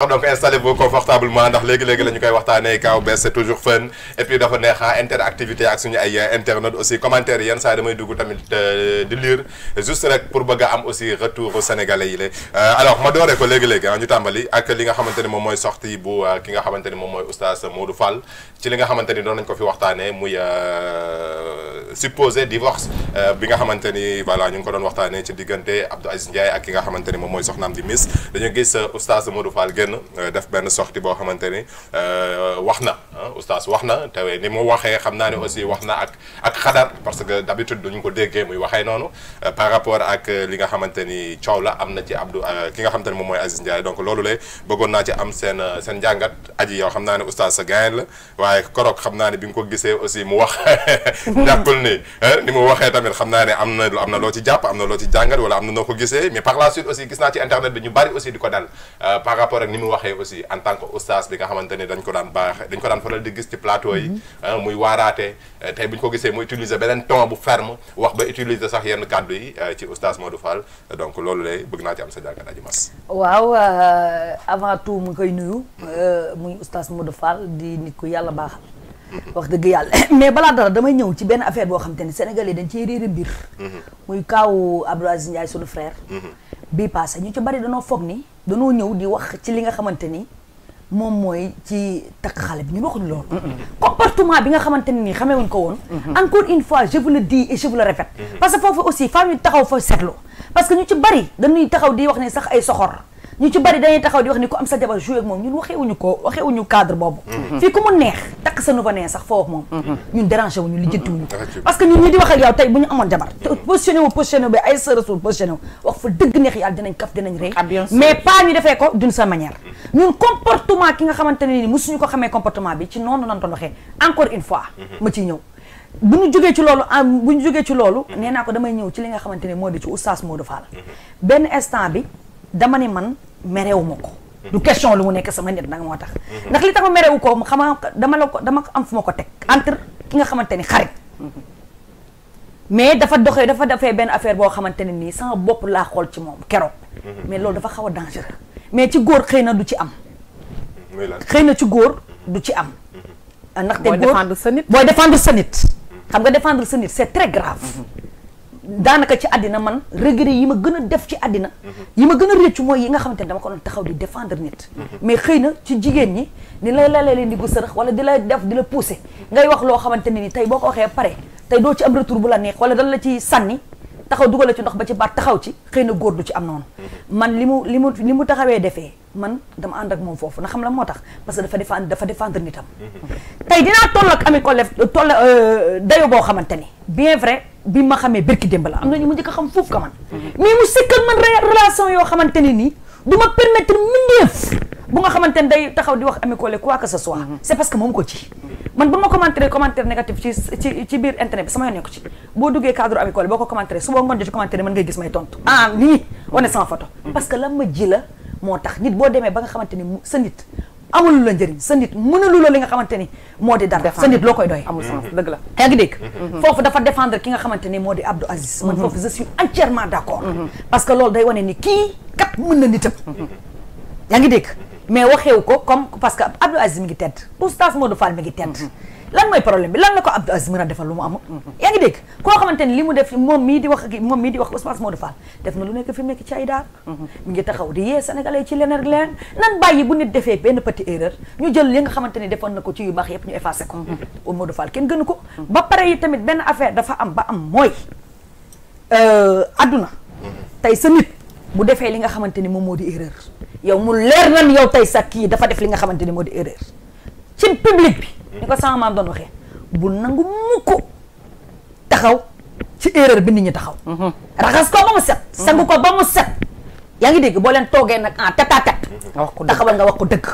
wax donc installez-vous confortablement ndax léegi-léegi la ñu koy waxtaanee kaw bees c'est toujours fun et puis dafa neexa ah, interactivité ak suñu ay euh, internautes aussi commentaires yi yenn saa damay dugg tamit euh, di lire juste rek pour bëgg a am aussi retour au sénégalais yi la euh, alors ma dooree ko léegi-léegi ah ñu tàmbali ak li nga xamante ni moom mooy sortie bu ki nga xamante ni moom mooy oustaz Modou Fall ci li nga xamante ni doon nañ ko fi waxtaanee muy supposé divorce bi nga xamante ni voilà ñu ngi ko doon waxtaanee ci diggante Abdou Aziz ki nga xamante ni moom mooy soxnaam di Miss dañu gis oustaz Modou Fall génn euh, def benn sortie boo xamante ni euh, wax na Ah, oustaz wax na te ni mu waxee xam naa ne aussi wax na ak ak xadar parce que ko déggee waxee noonu euh, par rapport ak euh, li nga xamante ni coow la am na ci Abdou euh, ki nga xamante moom mooy Aziz Ndiaye loolu lay naa am seen seen njàngat aji yow xam naa ne oustaz sa gain la waaye xam naa ne ko gisee aussi mu wax na am na loo ci jàpp am na loo ci jàngat wala am na noo ko gisee mais par la suite aussi gis naa ci internet bi ñu bari aussi di ko dal par rapport ak ni mu waxee aussi en tant que oustaz bi nga xamante dañ ko daan baax dañ ko daan faral di gis ci plateau yi ah, muy waaraate eh, tey bu ñu ko gisee mu utiliser beneen ton bu ferme wax ba utiliser sax yenn kàddu yi eh, ci oustaz Modou Fall donc loolu lay bëgg naa ci am sa jàngat aji mas waaw euh, avant tout mu koy nuyu euh, muy oustaz de Fall di nit ku yàlla baaxal wax dëgg yàlla mais balaa dara damay ñëw ci benn affaire boo xam te ne sénégalais dañ ciy réeri mbir muy kaawu Abdou Aziz Ndiaye sunu frère mhm. bii passé ñu ci bari danoo foog ni danoo ñëw di wax ci li nga xamante ni moom mooy ci takk xale bi ñu waxuñu loolu. comportement bi nga xamante ne nii xamee wuñ ko woon. encore une fois je vous le dis et je mm-hmm. parce que foofu aussi femme yi taxaw fa seetlu parce que ñu ci bari dañuy taxaw di wax ne sax ay soxor. ñu ci bari dañuy taxaw di wax ni ku am sa jabar joué ak moom ñun waxeewuñu ko waxeewuñu cadre boobu mhm. fii ku mu neex takk sa nouveau né sax foo wax moom mhm. ñun dérangé wuñu lijjantiwuñu parce que ñun di wax ak yow tey bu ñu amoon jabar positionné wu ay sa rasul wax fa dëgg neex yàlla dinañ kaf dinañ rey ah, mais pas ñu defee ko d'une seule manière mhm. ñun comportement ki nga xamante ne ni musuñu ko xamee comportement bi ci noonu nan doon waxee encore une fois ma ciy ñëw bu ñu jógee ci loolu bu ñu jógee ci loolu nee naa ko damay ñëw ci li nga xamante ne moo di ci oustaz Modou Fall benn instant bi merewu ko. du question lu mu nekk sama nit nag moo tax. ndax li tax ma merewu ko xama dama la ko dama am fu ma ko teg entre ki nga xamante ni xarit. mais dafa doxee dafa defee benn affaire boo xamante ne nii sama bopp laa xool ci moom keroog. mais loolu dafa xaw a dangereux. mais ci góor xëy na du ci am. xëy na ci góor du ci am. Mm-hmm. ndaxte góor booy défendre sa nit. xam nga défendre sa nit c'est très grave. daanaka ci àddina man regret yi ma gën a def ci àddina yi ma gën a réccu mooy yi nga xamante ne dama ko doon taxaw di défendre nit mais xëy na ci jigéen ñi ni lay lalee leen di gu sërëx wala di la def di la pousser ngay wax loo xamante ne ni tey boo ko waxee pare tey doo ci am retour bu la neex wala dal la ci sànni taxaw dugal ci ndox ba ci baat taxaw ci xëy na góor du ci am noonu man li mu li mu li mu taxawee defee man dama ànd ak moom foofu na xam la moo tax parce que dafa défendre dafa défendre nitam tey dinaa toll ak Ami Collé toll euh, dayo boo xamante ni bien vrai bi ma xamee birki démb la am na ñu mu njëkk a xam foofu ka man mais mu sikkal man relation yoo xamante ni nii du ma permettre mindeef bu nga xamante ni day taxaw di wax Ami Collé quoi que ce soit mm-hmm. c'est parce que moom ko ci man ba ma commentaire commentaire négatif ci ci ci biir internet bi sama yoon nekku ci boo duggee cadre amical boo ko commentaire su boo ngoon ci commentaire mën ngay gis may tontu ah nii wane sama photo parce que la ma ji la moo tax nit boo demee ba nga xamante ni sa nit amul la njëriñ sa nit lu la li nga xamante ni moo di dara sa nit loo koy doy amul sens dëgg la yaa ngi dégg mm-hmm. Mm-hmm. foofu dafa défendre ki nga xamante ni moo di Abdou Aziz mm-hmm. man foofu je suis entièrement d'accord parce que loolu day wane ni kii kat mën na yaa ngi dégg mais waxewu ko comme parce que Abdou Aziz mi ngi tedd oustaz Modou Fall mi ngi tedd mhm. lan mooy problème bi lan la ko Abdou Aziz mën a defal lu mu amul mhm. yaa ngi dégg koo xamante ni li mu def moom mii di wax moom mii di wax oustaz Modou Fall def na lu nekk fi mu ci ay daar mhm. mi ngi taxaw di yee sénégalais ci leneen ak leneen nan bàyyi bu nit defee benn petite erreur ñu jël li nga xamante ni defoon na ko ci yu baax yëpp ñu effacé ko Modou Fall kenn gënu ko ba pare yi benn affaire dafa am ba am mooy euh, adduna tey sa bu defee li nga xamante ni moom moo di erreur yow mu leer na ni yow tey sa kii dafa def li nga xamante ni moo di erreur ci public bi ni ko sama maam doon waxee bu nangu mukk taxaw ci erreur bi nit ñi taxaw mhm. raxas ko ba mu set sangu ko ba mu set yaa ngi dégg boo leen toogee nag en tête à tête taxawal nga wax ko dëgg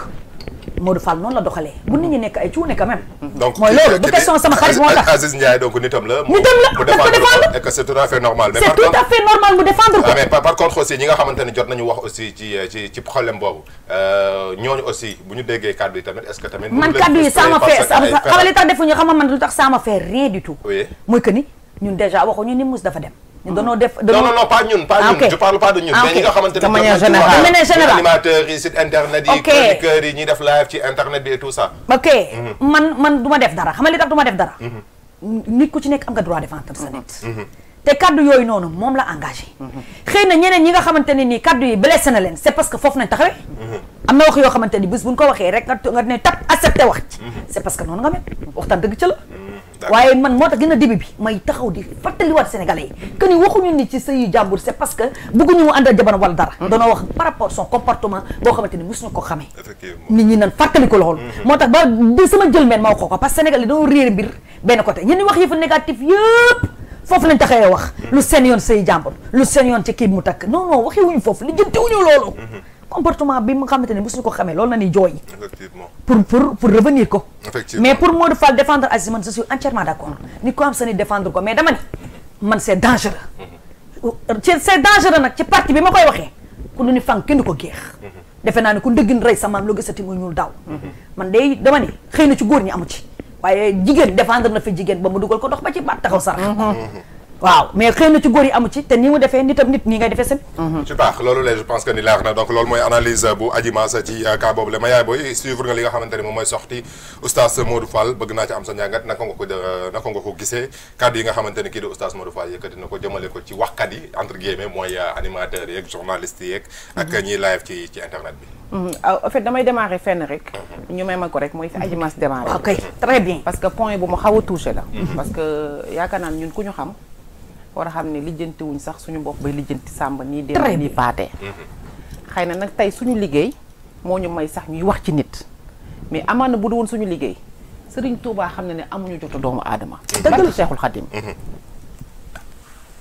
Modou Fall noonu la doxalee bu nit ñi nekk ay cuune quand même. donc mooy loolu du question sama xarit moo tax Aziz Ndiaye donc nitam la. nitam la mu défendre ko et que c'est tout à fait normal. mu défendre ko. Ah, par contre aussi ñi nga xamante ne jot nañu wax aussi ci ci ci problème boobu euh, ñooñu aussi bu ñu déggee kàddu yi tamit est-ce que tamit. man kàddu yi sama fee sama xamal li tax defuñu xama man lu tax sama fee rien du tout. oui mooy que ni ñun déjà waxuñu ni mus dafa danoo def non non non ah, de ñun ah, mais ñi nga xamante ne de de def live mhm. def dara xam nga li ma def dara mhm. nit ku ci nekk am nga droit défendre sa mhm. te kaddu yooyu noonu moom la engagé xëy na ñeneen ñi nga xamante ne nii kaddu yi blessé na c'est parce que foofu nañ taxawee am na wax yoo xamante ni bis ko waxee rek nga ne tap accepté wax c'est parce que noonu nga mel waxtaan dëgg ca waaye man moo tax gën a début bi may taxaw di fàttaliwaat sénégalais yi que ni waxuñu ni ci sëyu jàmbur c'est parce que bëgguñu mu àndal jabar dara hmm. doona wax par rapport son comportement boo xamante ni mosuñu ko xamee nit ñi nan fàttali ko loolu hmm. moo tax ba sama jël meen ma wax ko ko parce que sénégalais dañoo réer mbir benn côté ñun wax yëfu négatif yëpp foofu lañ taxawee wax hmm. lu seen yoon sëyu jàmbur lu seen yoon ci kii mu takk non non foofu li jënte comportement bi mu xamante ne mosuñu ko xamee loolu na ni jooy. effectivement pour pour revenir ko. mais pour Modou Fall défendre Aziz man je suis entièrement d' accord ni ko am sa ni défendre ko mais dama man c' est dangereux. Mhm. ci nag ci parti bi ma koy waxee ku lu ni fànk kenn ko géex. Mhm. defe naa ne ku dëggin rey sa maam loo gisati mu ñuul daaw. Mhm. man day dama ni xëy na ci góor ñi amu ci. waaye jigéen défendre na fi jigéen ba mu dugal ko dox ba ci baat taxaw waaw mais xëy na ci góor yi amu ci te ni mu defee nitam nit nii ngay defee seen. ci mhm. baax loolu la je pense que ni leer na donc loolu mooy analyse bu Adji ci euh, cas ma yaay booy suivre nga li nga xamante mooy soxti oustaz Modou Fall bëgg naa ci am sa njàngat naka nga ko euh, naka nga ko gisee kàddu yi nga xamante ni kii di oustaz Modou Fall yëkkati na ko jëmale ko ci waxkat yi entre guillemets mooy euh, animateurs yeeg journalistes yeeg. ak mhm. ñiy live ci internet bi. Mhm. Ah, en fait war a xam ne lijjanti sax suñu bopp bay lijjanti sàmba nii dee nii paate mhm. xëy na nag tey suñu liggéey moo ñu may sax ñuy wax ci nit mais amaana bu du suñu liggéey sëriñ Touba xam na ne amuñu jotu doomu aadama mhm. dëgg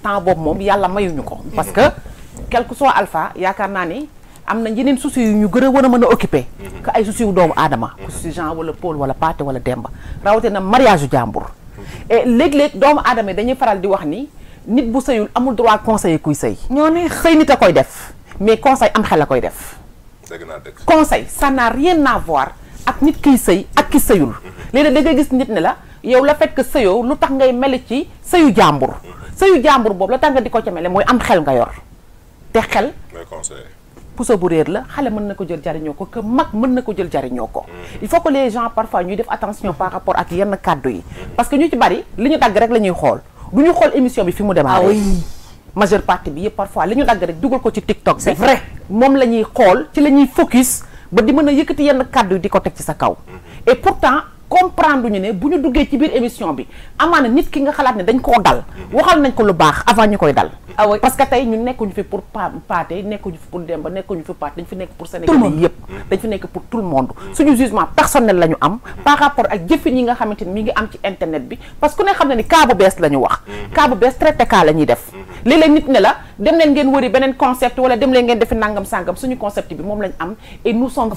la mhm. boobu moom yàlla mayuñu ko parce que quel que yaakaar naa ni am na yeneen souci yu ñu gën a war a mën a occupé que ay souci doomu aadama que souci Jean wala Paul wala Pathé wala Demba rawatina na yu jàmbur et léeg-léeg doomu aadama yi dañuy faral di wax ni nit bu sëyul amul droit conseiller kuy sëy. ñoo neex sëy nit a koy def mais conseil am xel a koy def. dëgg naa dëgg conseil ça n'a rien à ak nit kiy sëy ak ki sëyul. Mm-hmm. léeg-léeg da ngay gis nit ne la yow la fekk sëyoo lu tax ngay mel ci sëyu jàmbur. Mm-hmm. sëyu jàmbur boobu la tax nga di ko ca mel mooy am xel nga yor te xel. mooy puso bu réer la xale mën na ko jël jariñoo ko que mag mën na ko jël jariñoo ko. Mm-hmm. il faut que les gens parfois ñuy def attention par rapport ak yenn kàddu yi. parce que ñu ci bari li ñu dagg rek la ñuy xool. du ñu xool émission bi fi mu dem a ah oui majeure partie bi yëpp parfois li ñu dagg rek dugal ko ci TikTok. c'est vrai moom la ñuy xool ci la ñuy focus ba di mën a yëkkati yenn kàddu yi di ko teg ci sa kaw. Mm-hmm. et pourtant comprendre ñu ne bu ñu duggee ci biir émission bi amaana nit ki nga xalaat ne dañ koo dal waxal nañ ko lu baax avant ñu koy dal ah parce que tey ñu nekkuñu fi pour Pathé nekkuñu fi pour Demba nekkuñu fi Pathé dañ fi nekk pour Sénégal yëpp dañ fi nekk pour tout le monde suñu jugement personnel la ñu am par rapport ak jëfin yi nga xamante ni mi ngi am ci internet bi parce que ku ne xam ne ni cas bees la ñu wax cas bu bees traité cas ñuy def léeg-léeg nit ne la dem leen ngeen wëri beneen concept wala dem leen ngeen defi nangam sàngam suñu concept bi moom lañ am et nous sommes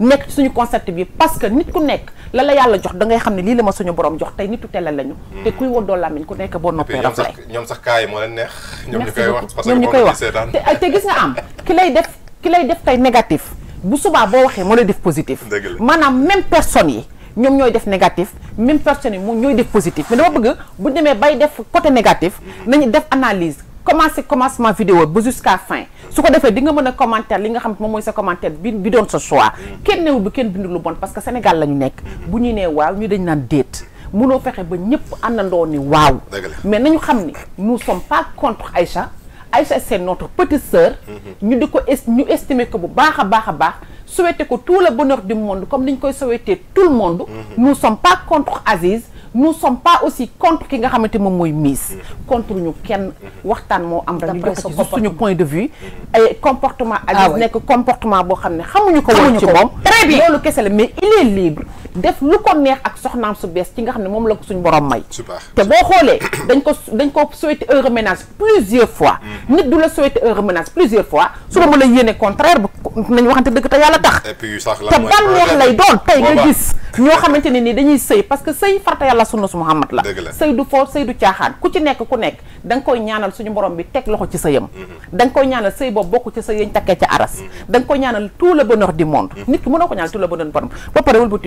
nekk suñu concept bi parce que nit ku nekk lan la yàlla jox da ngay xam ne lii la ma suñu borom jox tey nitu tele lañu hmm. te kuy woo doo ku nekk boo noppee raf lay ñoom sax kaay koy wax parce que te gis nga am ki lay def ki lay def tey négatif bu subaa boo waxee moo lay def positif maanaam même personne yi ñoom ñooy def négatif même personne yi mu ñooy def positif mais dama bëgg bu demee bay def côté négatif hmm. nañu def analyse commencé commencement vidéo ba jusqu'à fin su ko defee di nga mën a commentaire li nga xam moom mooy sa commentaire bi bi doon sa choix kenn newul bi kenn bindu lu bon parce que Sénégal la ñu nekk bu ñu nee waaw ñu dañ naan déet mënoo fexe ba ñëpp àndandoo ni waaw mais ñu xam ni nous sommes pas contre Aïcha Aïcha c'est notre petite sœur mm-hmm. ñu di ko ñu estimer ko bu baax a baax a baax souhaiter ko tout le bonheur du monde comme li ñu koy souhaiter tout le monde mm-hmm. nous sommes pas contre Aziz nous sommes pas aussi contre ki nga xamante moom mooy Miss. Mm-hmm. contre ñu kenn mm-hmm. waxtaan moo am. dañu joxe ci suñu point de vue. ay mm-hmm. comportement Aziz ah nekk comportement boo xam ne xamuñu ko woon ko moom. très bien loolu kese la mais il est libre. def lu ko neex ak soxnaam su bees ci nga xam ne moom la ko suñ borom may te boo xoolee dañ ko dañ ko souhaité heureux plusieurs fois mm. nit du la souhaité heureux ménage plusieurs fois suba mu la yéene contraire bu nañ waxante dëgg te yàlla tax te bànneex lay doon tey nga gis ñoo xamante ne nii dañuy sëy parce que sëy farta yàlla sunna su Muhammad la sëy du foo sëy du caaxaan ku ci nekk ku nekk da nga koy ñaanal suñu borom bi teg loxo ci sëyam mm-hmm. da nga koy ñaanal sëy mm-hmm.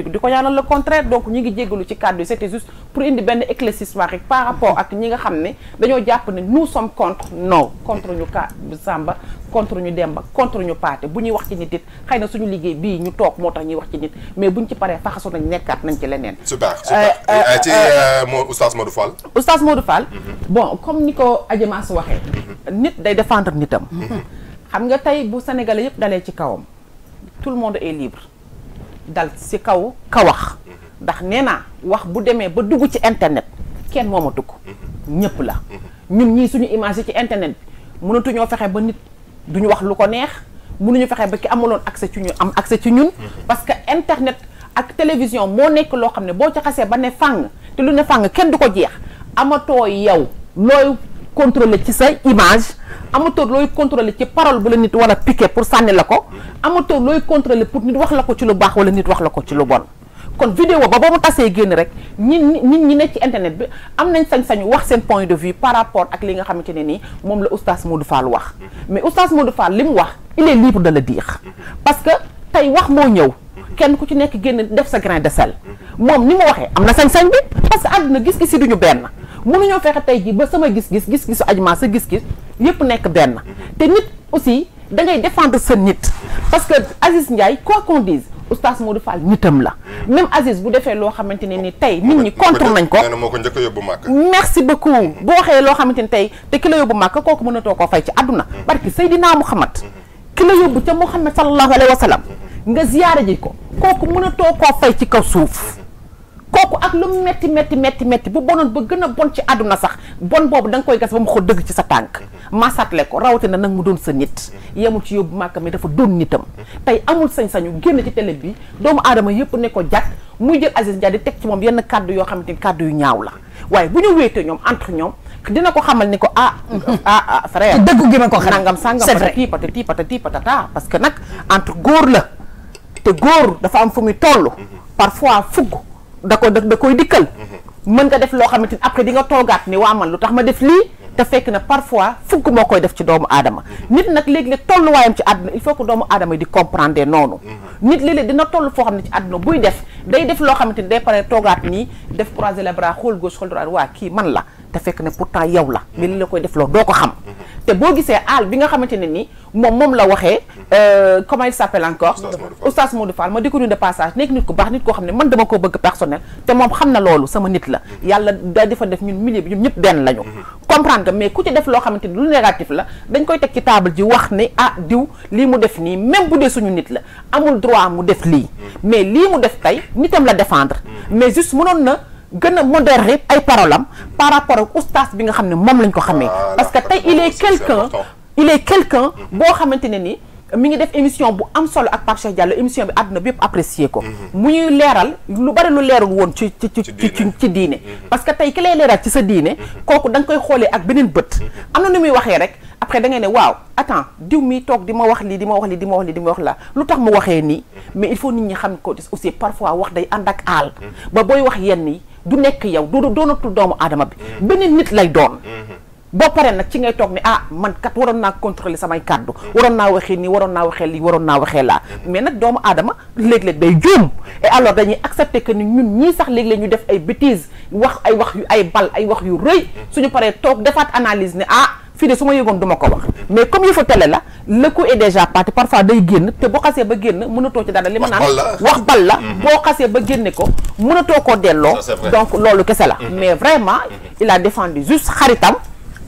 da nga ñaanal le contraire donc ñi ngi jéggalu ci kàddu yi c'était juste pour indi benn éclaircissement rek par rapport ak ñi nga xam ne dañoo jàpp ne nous sommes contre non contre ñu ka Samba contre ñu dem ba contre ñu Paate bu ñuy wax ci nit it xëy na suñu liggéey bii ñu toog moo tax ñuy wax ci nit mais bu ñu ci paree faxasu nañ nekkaat nañ ci leneen. su super super ci euh, euh, euh, oustaz Modou Fall. oustaz Modou Fall. Mm-hmm. bon comme ni ko Adjemaas waxee. Mm-hmm. nit day défendre nitam. Mm-hmm. xam nga tey bu Sénégalais yëpp dalee ci kawam tout le monde est libre. dal ci kaw ka wax ndax nee naa wax bu demee ba dugg ci internet kenn moomatu ko ñëpp la ñun ñii suñu image ci internet bi mënatuñoo fexe ba nit duñu wax lu ko neex mënuñu fexe ba ki amuloon accès ci ñu am accès ci ñun parce que internet ak télévision moo nekk loo xam ne boo ci xasee ba ne fàng te lu ne fàng kenn du ko jeex amatoo yow looy contrôler ci sa image amatoo looy contrôler ci parole bu la nit war a pour sànni la ko amatoo looy contrôler pour nit wax la ko ci lu baax wala nit wax la ko ci lu bon kon vidéo ba ba mu tasee génn rek nit ñi nekk ci internet bi am nañ sañ sañ wax seen point de vue par rapport ak li nga xamante ne nii moom la oustaz Modou Fall wax mais oustaz Modou Fall li mu wax il est de le dire parce que tey wax moo ñëw kenn ku ci nekk génn def sa grain de sel moom ni mu waxee am na sañ-sañ bi parce que àdduna gis-gis yi duñu benn mënuñoo fexe tey ji ba sama gis-gis gis-gisu ajma sa gis-gis yépp nekk benn te nit aussi da ngay défendre sa nit parce que Aziz Ndiaye quoi qu'on dise oustaz Modou Fall nitam la même Aziz bu defee loo xamante ne ni tey nit ñi contre nañ ko moo ko njëkk a yóbbu màkk merci beaucoup boo waxee loo xamante ni tey te ki la yóbbu màkk kooku mënatoo koo fay ci àdduna barki Seydina Muhammad ki la yóbbu ca Muhammad sallallahu alayhi wa sallam nga ziyaara ji ko kooku mënatoo koo fay ci kaw suuf kooku ak lu metti metti metti metti bu bonoon ba gën a bon ci àdduna sax bon boobu da koy gas ba mu xoo dëgg ci sa tànk mm-hmm. masatle ko rawatina nag mu doon sa nit mm-hmm. yemul ci yóbbu màkka mi dafa doon nitam mm-hmm. tey amul sañ-sañu génn ci télé bi doomu aadama yëpp ne ko jàkk muy jël Aziz di teg ci moom yenn kàddu yoo xamante ni kàddu yu ñaaw la waaye bu ñu wéetee ñoom entre ñoom dina ko xamal ni ko ah ah ah, ah frère dëggu gi ma ko xam nangam sàngam patati patati patati patata parce que nag entre góor la te góor dafa am fu muy toll parfois fugg da ko da koy dikkal. Mhm. mën nga def loo xamante ni après di nga toogaat ni waa man lu tax ma def lii. Mhm. te fekk na parfois fukk moo koy def ci doomu aadama. Mhm. nit nag léegi léeg-léeg tolluwaayam ci àdduna il faut que doomu aadama yi di comprendre noonu. nit léeg-léeg dina toll foo xam ne ci àdduna buy def day def loo xamante ni day pare toogaat nii def croiser les bras xool gauche xool droite waa kii man la te fekk na pourtant yow la. mais li la koy def loo doo ko xam. te boo gisee aal bi nga xamante ne ni moom moom la waxee. Euh, comment il s'appelle encore oustaz Modou Fall ma di ko nuyu passage nekk nit ku baax nit koo xam ne man dama koo bëgg personnel te moom xam na loolu sama nit la mhm. yàlla da defa def ñun milieu bi ñun ñëpp benn lañu mhm. comprendre nga mais ku ci def loo xamante ni lu négatif la dañ koy teg ci table ji wax ne ah diw lii mu def nii même bu dee suñu nit la amul droit mu def lii mhm. mais lii mu def tey nitam la défendre mais juste mënoon na gën a modérer ay parole am par rapport ak oustaz bi nga xam ne moom lañ ko xamee parce que tey il est quelqu'un il est xamante ne ni mi ngi def émission bu am solo ak Pape Cheikh Diallo émission bi àdduna bi yëpp apprécier ko. mu mhm. ñuy leeral lu bari lu leerul woon ci ci ci ci ci diine. Mhm. parce que tey ki lay leeral ci sa diine. Mhm. kooku da koy xoolee ak beneen bët. am na nu muy waxee rek après da ngay ne waaw attends diw mi toog di ma wax lii di ma wax lii di ma wax lii di ma wax laa lu tax mu waxee nii. mais il faut nit ñi xam ko aussi parfois wax day ànd ak aal. ba booy wax yenn yi du nekk yow du doonatul doomu aadama bi. beneen nit lay doon. boo paree nag ci ngay toog ni ah mankat waroon naa contrôler samay kàddu waroon naa waxee nii waroon naa waxee lii waroon naa waxee laa mais nag doomu aadama léeg-léeg day juum et dañuy accepté que ni ñun ñii sax léegi léeg ñu def ay bêtises wax ay wax yu ay bal ay wax yu rëy suñu paree toog defaat analyse ne ah fii de su ma yëgoon du ma ko wax mais comme yëfu télé la le coup est déjà parti parfois day génn te boo xasee ba génn mënatoo ci dara li ma naan wax bal la mhm. boo xasee ba génne ko mënatoo koo delloo donc loolu kese la mhm. mais vraiment il a défendu juste xaritam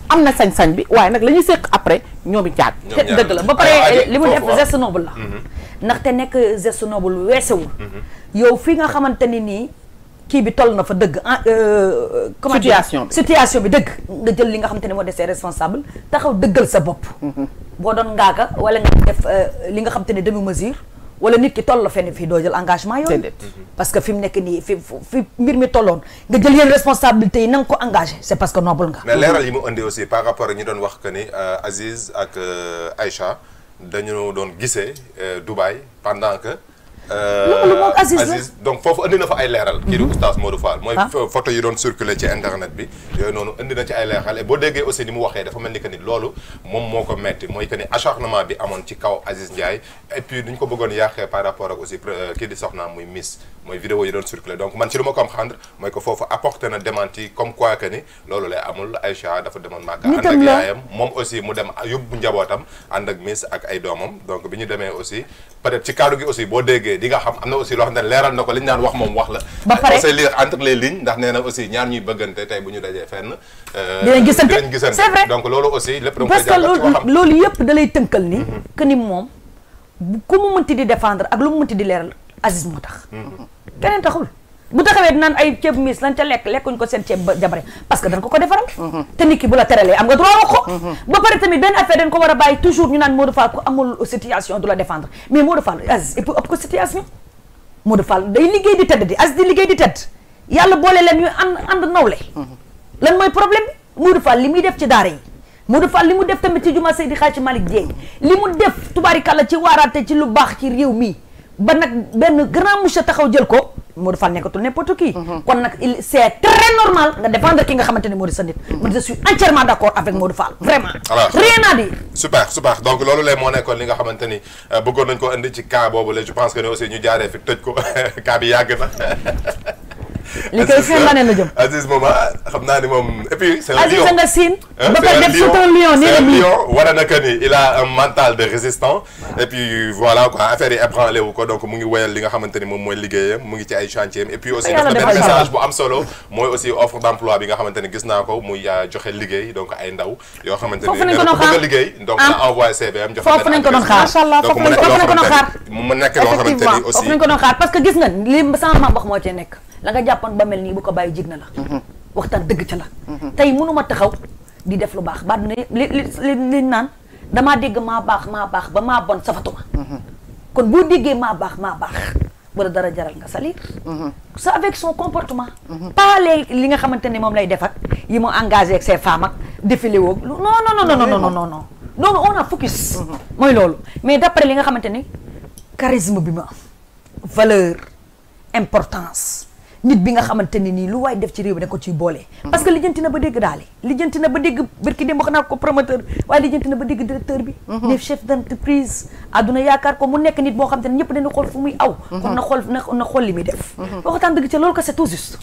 am na sañ-sañ bi waaye nag la ñuy séq après ñoom i jaag dëgg la ba pare ah, ah, li mu def geste noble la mm-hmm. ndaxte nekk geste noble weesewul mm-hmm. yow fii nga xamante ni nii kii bi toll na fa dëgg ah, euh, comment situation bi situation bi dëgg nga jël li nga xamante ne moo desee responsable taxaw dëggal sa bopp mm-hmm. boo doon ngaaka wala nga def euh, li nga xamante ne demi mesure wala nit ki toll fenn fii doo jël engagement yooyu mm-hmm. parce que fi mu nekk nii fi fi mbir mi tolloon nga jël yéen responsabilité yi na ko engagé c'est parce que noble nga mais leeral yi mu indi aussi par rapport ak ñu doon wax que ni euh, Aziz ak euh, Aïcha dañu doon gisee euh, Dubaï pendant que Euh, loolu moom Aziz donc foofu andi na fa ay leeral. kii di mhm. oustaz Modou Fall. mooy ah. photo yi doon circuler ci internet bi. yooyu noonu andi ci ay leeral boo déggee aussi ni mu waxee dafa mel ni que ni loolu moom moo ko metti mooy que ni acharnement bi amoon ci kaw Aziz Ndiaye. et puis duñ ko bëggoon yàqee par rapport ak aussi euh, kii di soxna muy Miss mooy vidéo yi doon circuler donc man ci lu ma comprendre mooy que foofu apporté na démenti comme quoi que ni loolu lay amul Aïcha dafa demoon Màkka. ànd ak moom aussi mu dem yóbbu njabootam ànd ak Miss ak ay doomam donc bi ñu demee aussi peut-être ci kaddu gi aussi boo déggee di nga xam am na aussi loo xam ne leeral na ko li ñu naan wax moom wax la. ba pare c'est lire entre les lignes ndax nee na aussi ñaar ñuy bëggante tey bu ñu dajee fenn. Euh, dinañ gisante c'est donc loolu aussi lépp da nga koy jàngat loolu yëpp da lay tënkal ni. Mhm. que ni moom ku mu mënti di défendre ak lu mu mënti di leeral Aziz moo tax. Mhm. keneen taxul. bu taxawee naan ay ceeb miis lan ca lekk lekkuñ ko seen ceeb ba jabare parce que dañ ko defaral mhm. te nit ki bu la teralee am nga droit wax mhm. ba pare tamit benn affaire dañ ko war a bàyyi toujours ñu naan Modou Fall ku amul situation du la défendre et puis ëpp ko situation Modou Fall day mhm. li muy def ci daara yi Modou Fall li mu def tamit ci juma Seydi Hadji Malick Dieng li mu def tubaarikàlla ci lu baax ci réew mi ba nag benn grand monsieur taxaw jël ko Modou Fall nekkatul n'importe qui mhm. kon nag il c' est très normal nga défendre ki nga xamante ne moo di sa nit mhm. man je suis entièrement d' accord avec Modou vraiment alors rien à dire super donc loolu lay moo nekkoon li nga xamante ni euh, bëggoon nañ ko indi ci cas boobu la je pense que ne aussi ñu jaaree fi tëj ko cas bi yàgg ma li koy seen la ne ah, xam naa ni moom et puis. c'est Aziz nga siin. ba pare lion wala naka ni il a un mental de résistant. et voilà quoi affaire yi ébranlé wu ko donc mu ngi woyal li nga xamante ni moom mooy liggéeyam mu ngi ci ay chantier et aussi def na message bu am solo mooy aussi offre d'emploi bi nga xamante ni gis naa ko muy ah, joxe liggéey donc ay ndaw. yoo xamante ni bëgg a liggéey donc ah. na envoyé CV am mu nekk loo xamante ni aussi foofu nañ ko nga li sama wax moo ci nekk la nga jàppoon ba mel nii bu ko bàyyi jig na la mhm. waxtaan dëgg ca la mhm. tey mënuma taxaw di def lu baax baat ne li li li naan damaa dégg maa baax maa baax ba maa bon safatuma mhm. kon boo déggee maa baax maa baax wala dara jaral nga salir ça avec son comportement pas les li nga xamante ne moom lay def yi mu engagé ak ses femmes ak défilé woog non non non non non non non on a focus mooy loolu mais d'après li nga xamante ne charisme bi ma am valeur importance nit bi nga xamante nii lu waay def ci réew bi da ko boole. parce que lijjanti na ba dégg daale lijjanti na ba dégg barki dem wax naa ko promoteur waaye lijjanti na ba dégg directeur bi. Mhm. def chef d'entreprise. àdduna yaakaar ko mu nekk nit boo xam te ne ñëpp dañu xool fu muy aw. Mhm. kon na xool na def. Mhm. waxtaan dëgg ca loolu ko c'est tout juste.